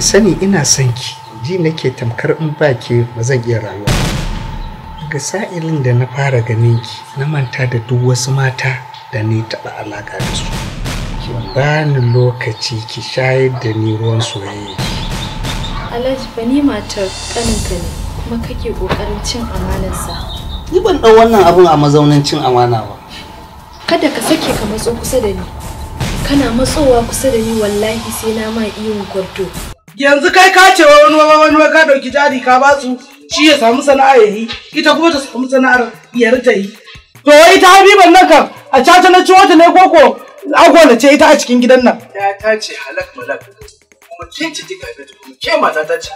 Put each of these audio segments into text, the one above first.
ki sani ina son ki ji nake tamkar in ba ki ba zan iya rayuwa ga sa'ilin da na fara ganin ki na manta da duk wasu mata da ni taɓa alaƙa da su ki ba ni lokaci ki shayar da ni ruwan soyayya alhaji ba ni matar ƙaninka ne kuma kake ƙoƙarin cin amanarsa ni ban ɗau wannan abun a mazaunin cin amana ba kada ka sake ka matso kusa da ni kana matsowa kusa da ni wallahi sai na ma iyon gwardo yanzu kai ka ce wa wani wani ka dauki jari ka ba su shi ya samu sana'a ya yi ita kuma ta samu sana'ar yar ta yi to wai ta habiban nan kan a caca na ciwo ta ne koko agwala ce ita a cikin gidan nan ta ce halak malak kuma kin ci dika kuma ke mata ta ce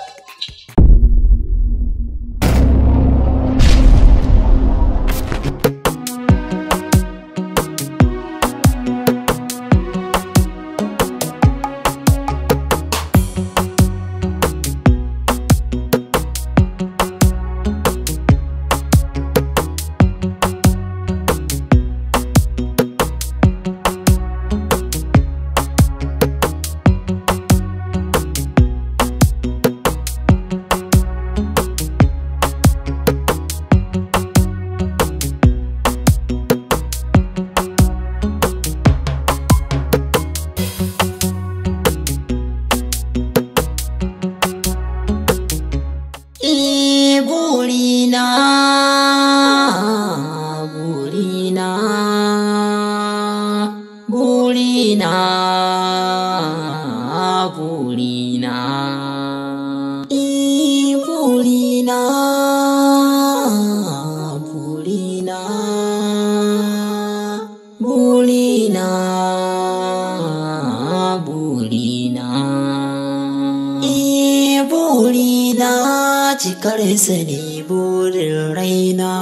cikar sani burin raina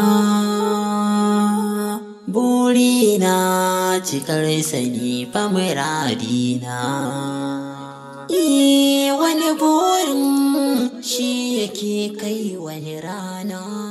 burina cikar sani fa muradina e, wani burin shi yake kai wani rana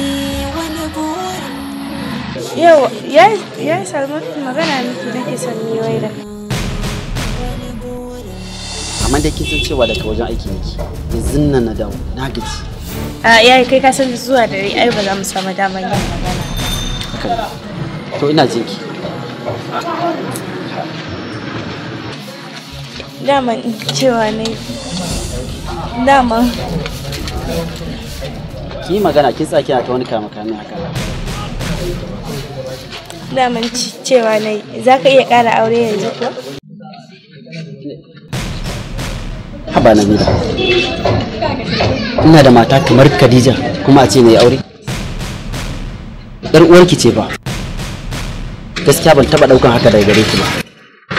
yau ya yi salman magana miki nake son yi wai da amma da kin san cewa daga wajen aiki nake ya zinna na dawo na gaji a yayi kai ka san zuwa dare ai ba za mu samu damar yin magana to ina jinki daman cewa ne daman ki magana kin tsaki ta wani kama kame haka daman cewa na yi za ka iya ƙara aure yanzu kuwa? haba na bila ina da mata kamar khadija kuma a ce na yi aure yar uwarki ce ba gaskiya ban taɓa ɗaukan haka daga gare ki ba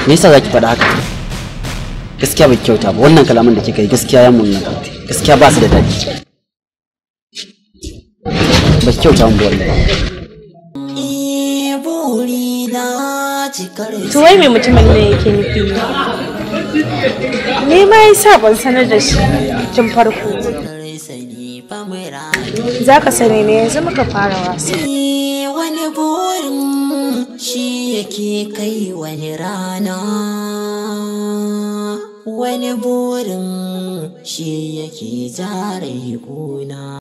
me yasa ki faɗa haka gaskiya ba kyauta ba wannan kalaman da kika yi gaskiya ya munna gaskiya ba su da daɗi ba kyauta mun ba wallahi to wai mai mutumin ne yake nufi ne ma ya sa ban sanar da shi tun farko za ka sani ne yanzu muka fara wasa wani burin shi yake kai wani rana wani burin shi yake zare kuna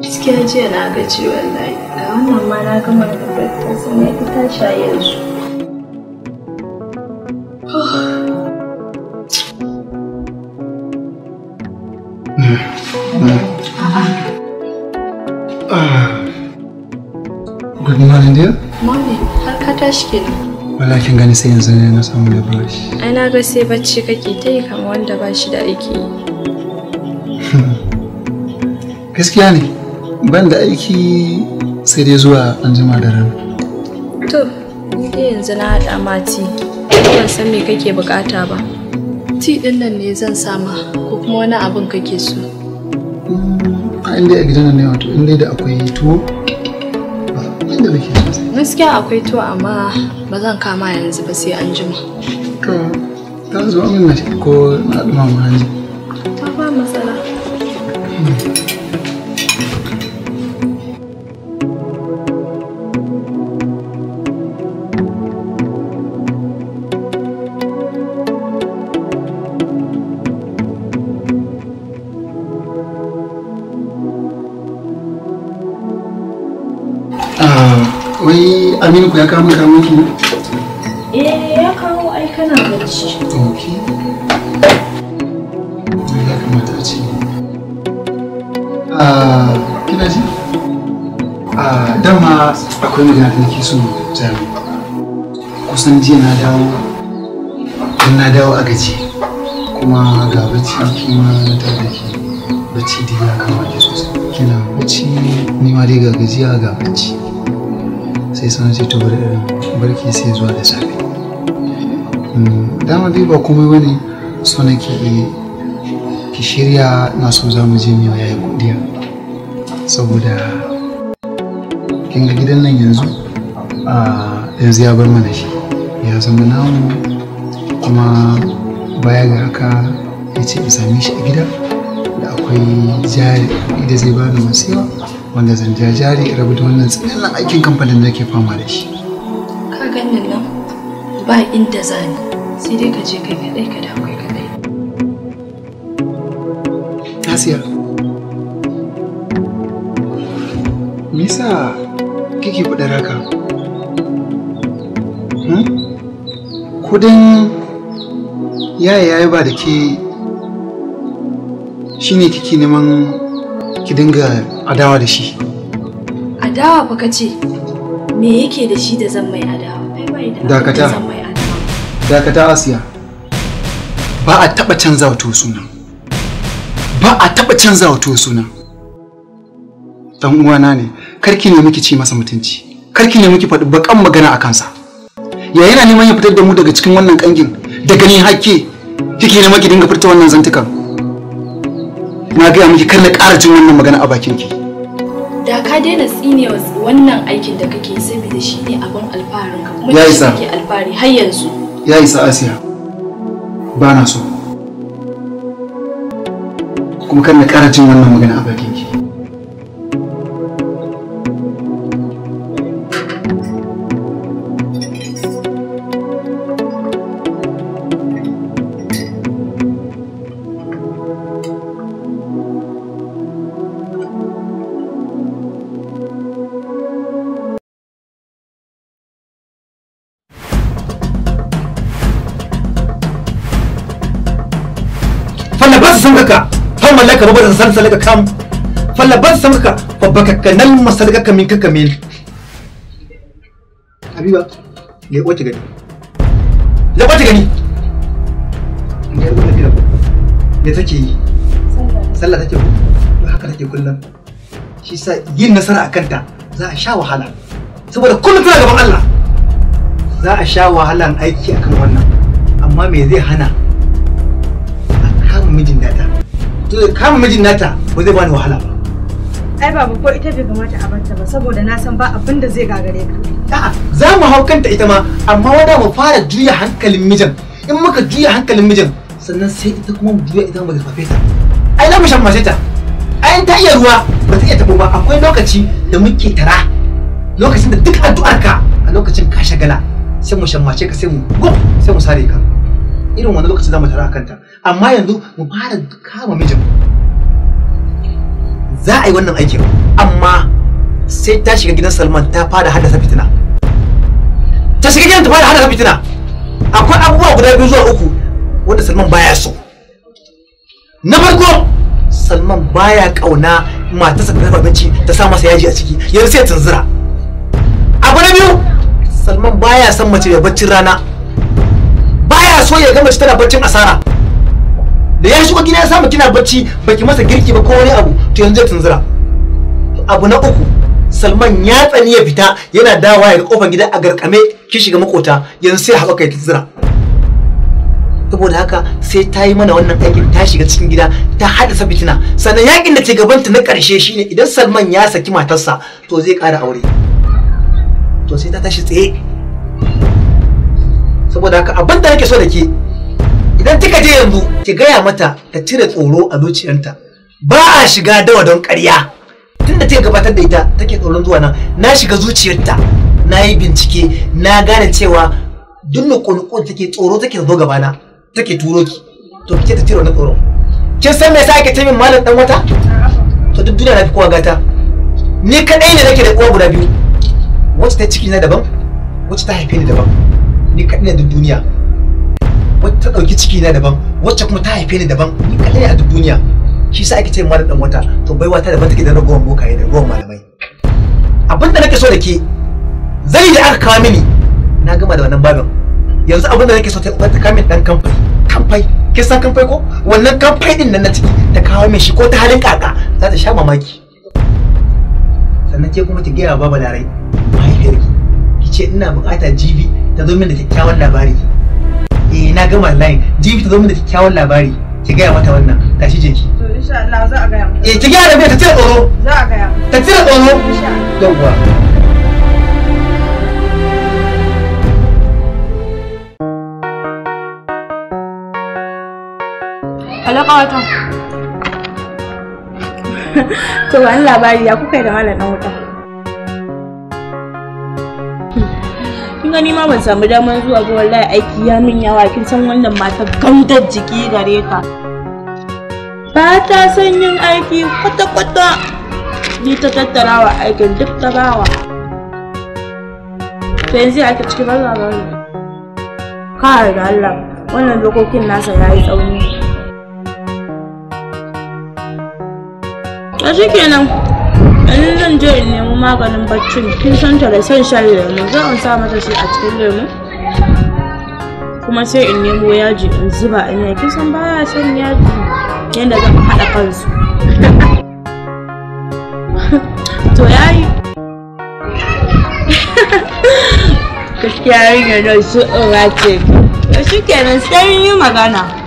gaskiya jiya na gaji wallahi wannan ma na gama da breakfast na ita shaye yanzu. Good morning dear. Morning, har ka tashi kenan. Wala gani sai yanzu ne na samu da bashi. Ai na ga sai bacci kake ta yi kama wanda ba shi da aiki. Gaskiya ne, ban da aiki sai dai zuwa an jima da rana to ni dai yanzu na haɗa ma ti ban san me kake bukata ba ti ɗin nan ne zan sama ko kuma wani abin kake so mm, a inda a gidan nan ne wato inda da akwai tuwo inda nake so gaskiya akwai tuwo amma ba zan kama yanzu ba sai an jima to ta zo min na ko na ɗumama hanji ba matsala hmm. wai aminu ku ya kawo maka miki eh ya kawo ai kana bacci okay ya kamata a ce ah kina ji ah dama akwai magana da nake so jami kusan jiya na dawo don na dawo a gaji kuma ga bacci kima na tabbaki bacci da ya kamata sosai kina bacci ni ma dai ga gajiya ga bacci sai sun ce ta wuri barki sai zuwa da safe mm, dama dai ba komai ne so na ki shirya na so za mu je miya yayin godiya saboda kin ga gidan nan yanzu a yanzu ya bar mana shi ya zama namu kuma baya ga haka ya ce in sami shi a gida da akwai jari da zai bani masu wanda zan ja jari rabu da wannan tsinallan aikin kamfanin da ke fama da shi ka ganin nan ba inda zani sai dai ka je kai kaɗai ka da kai kadai Asiya me yasa kike fadar haka hmm? ko dan yaya yayi ba da ke shine kike neman ki dinga adawa da shi adawa fa kace me yake da shi da zan mai adawa dakata dakata asiya ba a taba canza wato suna ba a taba canza wato suna dan uwana ne karki ne ki ci masa mutunci karki ne ki faɗi bakan magana a kansa ya yana neman ya fitar da mu daga cikin wannan kangin da gani hakke kike ne maki dinga furta wannan zantukan na gaya miki kar na ƙara jin wannan magana a bakin ki da ka daina tsine wannan aikin da kake saboda shi ne abin alfaharin ka kuma shi kake alfahari har yanzu ya isa asiya ba na so kuma kar na ƙara jin wannan magana a bakin ki samkaka har mallaka ba bazan san sallaka kam falla ban samkaka fa baka kanal masalaka kamin ka kamil habiba le kwace gani le kwace gani ne ya kwace gani me take yi sallah take ku haka take kullum shi sa yin nasara akan ta za a sha wahala saboda kullum tana gaban Allah za a sha wahalan aiki akan wannan amma me zai hana Ka kama mijin nata ba zai bani wahala ba ai babu ko ita bai kamata a banta ba saboda na san ba abin da zai gagare ka a'a za mu hau kanta ita ma amma wanda mu fara juya hankalin mijin in muka juya hankalin mijin sannan sai ita kuma mu juya ita mu zafafe ta ai na mu shammace ta ai ta iya ruwa ba ta iya tabo ba akwai lokaci da muke tara lokacin da duk addu'ar ka a lokacin ka shagala sai mu shammace ka sai mu sai mu sare ka irin wani lokacin za mu tara kanta amma yanzu mu fara kama mijin za a yi wannan aikin amma sai ta shiga gidan salman ta fara haddasa fitina ta shiga gidan ta fara haddasa fitina akwai abubuwa guda biyu zuwa uku wanda salman baya so na farko salman baya kauna matarsa ta dafa ta sa masa yaji a ciki yanzu sai tunzura abu na biyu salman baya son mace ya baccin rana baya so ya ga mace tana baccin asara da ya shigo gida ya samu kina bacci baki masa girki ba ko wani abu to yanzu ya tunzura abu na uku salman ya tsani ya fita yana dawa ya kofar gida a garkame ki shiga makota yanzu sai haɓaka ya tunzura saboda haka sai ta yi mana wannan aikin ta shiga cikin gida ta haɗa sabitina sannan yakin da ke gabanta na ƙarshe shine idan salman ya saki matarsa to zai ƙara aure to sai ta tashi tsaye saboda haka abin da nake so da ke idan kika je yanzu ki gaya mata ta cire tsoro a zuciyarta ba a shiga dawa don ƙarya tunda ta gabatar da ita take tsoron zuwa nan na shiga zuciyarta na yi bincike na gane cewa duk nukunukun take tsoro take zo gabana take turo ki to kike ta cire wannan tsoro. kin san me yasa ake ce min malam dan wata to duk duniya na fi kowa gata ni kadai ne nake da kowa guda biyu wacce ta ciki na daban wacce ta haife ni daban ni kadai ne duk duniya ta ɗauki ciki na daban wacce kuma ta haife ni daban ni kaɗai a duniya shi sa ake ce mara dan wata to baiwa ta daban take da ragowar bokaye da ragowar malamai abinda nake so da ke zai da aka kawo mini na gama da wannan babin yanzu abinda nake so ta kawo kamin dan kamfai kamfai kin san kamfai ko wannan kamfai din nan na ciki ta kawo min shi ko ta halin kaka za ta sha mamaki sannan ke kuma ki gaya baba larai mahaifiyarki ki ce ina bukata jibi ta zo min da kyakkyawan labari eh na gama online jibi ta zo da kyakkyawan labari ki gaya mata wannan tashi je ki to insha Allah za a gaya mata eh ki gaya da ta tsira tsoro za a gaya ta tsira tsoro insha Allah yawwa Alaka wata. To wani labari ya kuka da malam ɗan wuta. gani ma ban samu damar zuwa ga wallahi aiki ya min yawa kin san wannan mata gaudar jiki gare ka ba ta san yin aiki kwata-kwata ni ta tattara wa aikin duk ta bawa to yanzu ake ciki ba za ka ga Allah wannan dokokin nasa ya yi tsauni to kenan in zan je in nemi maganin baccin kin san ta da son shan lemu za a sa mata shi a cikin lemu kuma sai in nemo yaji in zuba in yi kin san baya son yaji yadda zan haɗa kansu to yayi gaskiya rigar da su ce to shi kenan sai yi magana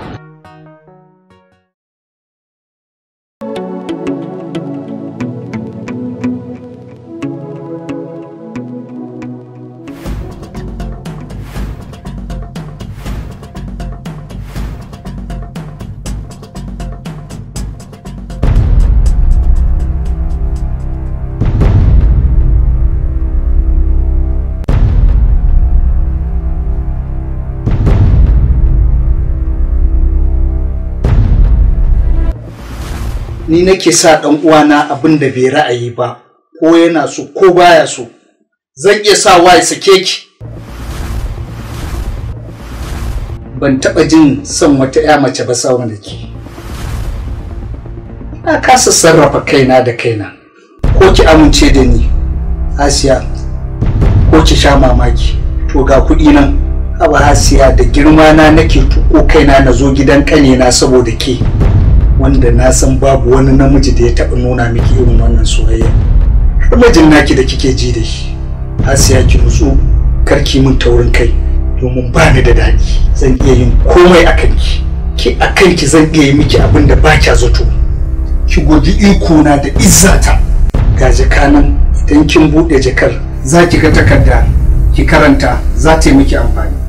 ni nake sa ɗan uwana abin da bai ra'ayi ba ko yana so ko baya so zan iya sa wa ya sake ki ban taɓa jin son wata ya mace ba sauran da ke na kasa sarrafa kaina da kaina ko ki amince da ni asiya ko ki sha mamaki to ga kuɗi nan haba asiya da girma na nake tuko kaina na zo gidan ƙanina saboda ke wanda na san babu wani namiji da ya taɓa nuna miki irin wannan soyayya mijin naki da kike ji da shi hasiya ki nutsu karki min taurin kai domin ba ni da daɗi zan iya yin komai a kanki ki a kanki zan iya yi miki abin da ba kya zato ki goji iko na da izzata ga jakanan idan kin buɗe jakar za ki ga takarda ki karanta za ta yi miki amfani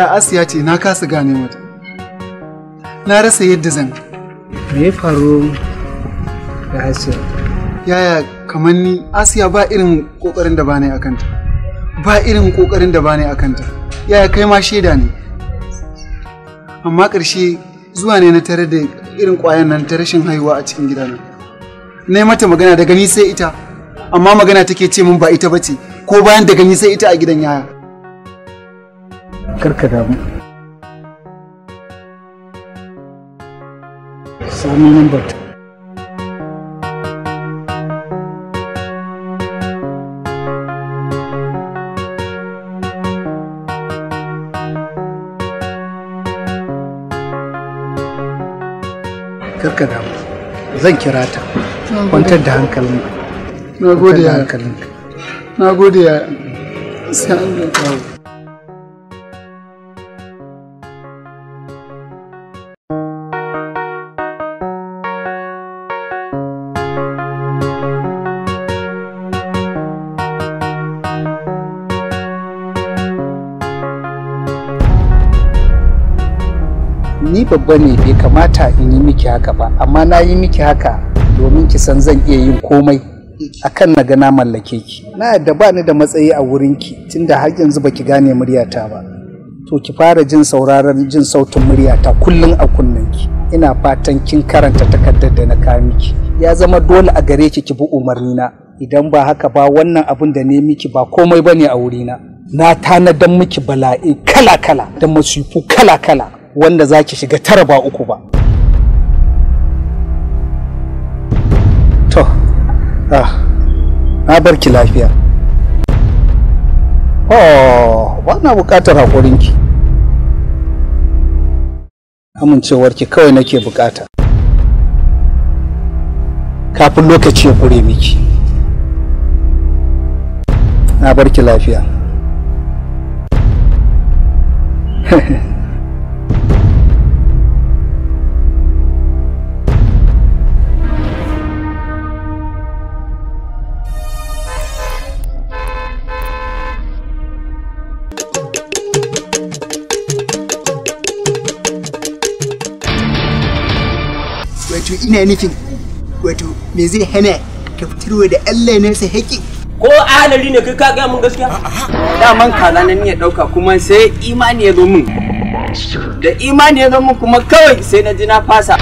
ya asiya ce na kasa gane mata na rasa yadda zan me ya faru da asiya yaya kamar ni asiya ba irin kokarin da bane akanta ba irin kokarin da bane akanta yaya kai ma shaida ne amma ƙarshe zuwa ne na tare da irin ƙwayan nan ta rashin haihuwa a cikin gidana na yi mata magana daga ni sai ita amma magana take ce min ba ita bace ko bayan daga gani sai ita a gidan yaya karka damu sami number ta karka damu zan kira ta kwantar da hankalin. na gode ya hankalinka na gode ya sai an babba ne bai kamata in yi miki haka ba amma na yi miki haka domin ki san zan iya yin komai akan na ga mallake ki na yadda ba ni da matsayi a wurin ki tunda har yanzu baki gane muryata ba to ki fara jin sauraron jin sautin muryata kullum a kunnen ki ina fatan kin karanta takardar da na kawo miki ya zama dole a gare ki ki bi umarnina idan ba haka ba wannan abun da ne miki ba komai bane a wurina na tanadan miki bala'i kala-kala da masifu kala-kala wanda za ki shiga tara ba uku ba to ah na bar ki lafiya oh ba na bukatar haƙurinki amincewarki kawai nake bukata kafin lokaci ya kure miki na bar ki lafiya ina nufin wato me zai hana ka fitarwa da Allah na sa haƙi ko ahalari ne kai ka ga mun gaskiya da man kaza nan ya dauka kuma sai imani ya zo mun da imani ya zo mun kuma kawai sai na ji na fasa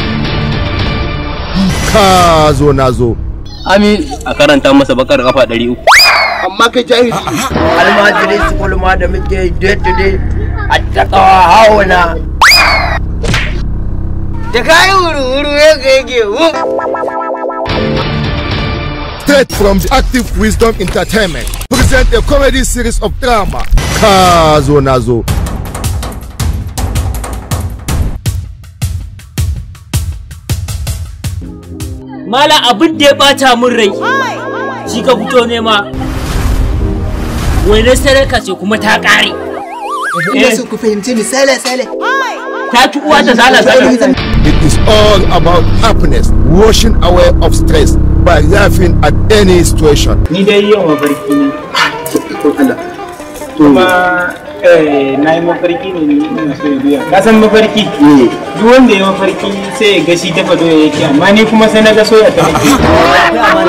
ka zo na zo amin. a karanta masa bakar kafa 300 amma kai jahili almajiri su kulma da muke dai dai day a takawa hauna da kayi wuru-wuru yake Straight from the Active Wisdom Entertainment present a comedy series of drama Kazo Nazo. Mala abin da ya bata min rai shi ka fito ne ma wani sarka ce kuma ta ƙare. Ina so ku fahimci misale-sale. ta ci uwa ta sala sala it is all about happiness washing away of stress by laughing at any situation ni dai yau mafarki ne ko Allah kuma eh, na yi mafarki ne ina so biya ka san mafarki eh. duk wanda ya mafarki sai ya gashi ta fado ya yake amma ni kuma sai na ga soya ta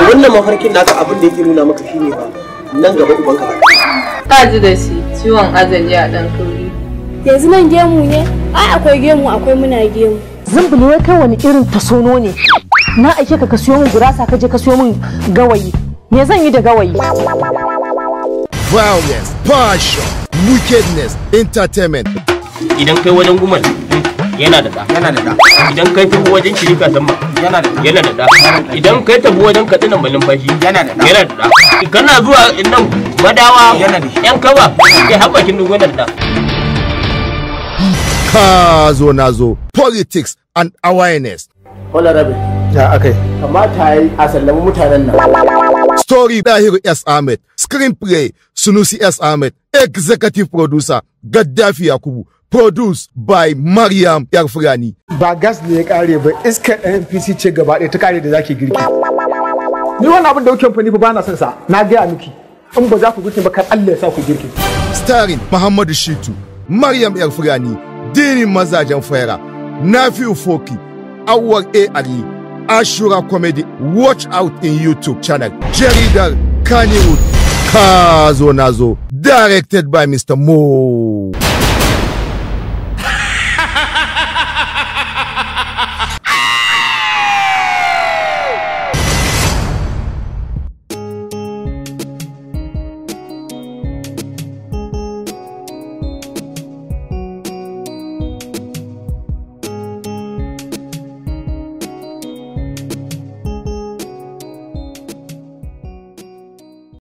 wannan mafarkin naka abin da yake nuna maka shine ba nan gaba ubanka ka ji da shi ciwon azali a dan kawai yanzu nan gemu ne ai akwai gemu akwai muna gemu zumbule wai kai wani irin tasono ne na aike ka ka siyo min gurasa ka je ka siyo min gawayi me zan yi da gawayi violence passion wickedness entertainment idan kai wajen gumal yana da da yana da da idan kai tafi wajen shirika tamma yana da da yana da da idan kai tafi wajen katsina malin fashi yana da da yana da da kana zuwa nan madawa yan kaba kai haɓakin dogon da da ka zo na zo politics and awareness. Wala rabe. Ya akai. Kamata ta yi a sallama mutanen nan. Story Dahiru S. Ahmed, Screenplay Sunusi S. Ahmed, Executive Producer Gaddafi Yakubu, produced by Mariam Yarfurani. Ba gas ne ya kare ba iskar NPC ce gaba ɗaya ta kare da zaki girki. Ni wani abin da kuke fani ba na son sa, na gaya miki. In ba za ku girki ba kan Allah ya sa ku girki. Starring Muhammadu Shitu, Mariam Yarfurani, addinin mazajen na nafi foki awwal e ali ashura comedy watch out in youtube channel jaridar kannywood kazo nazo directed by mr mo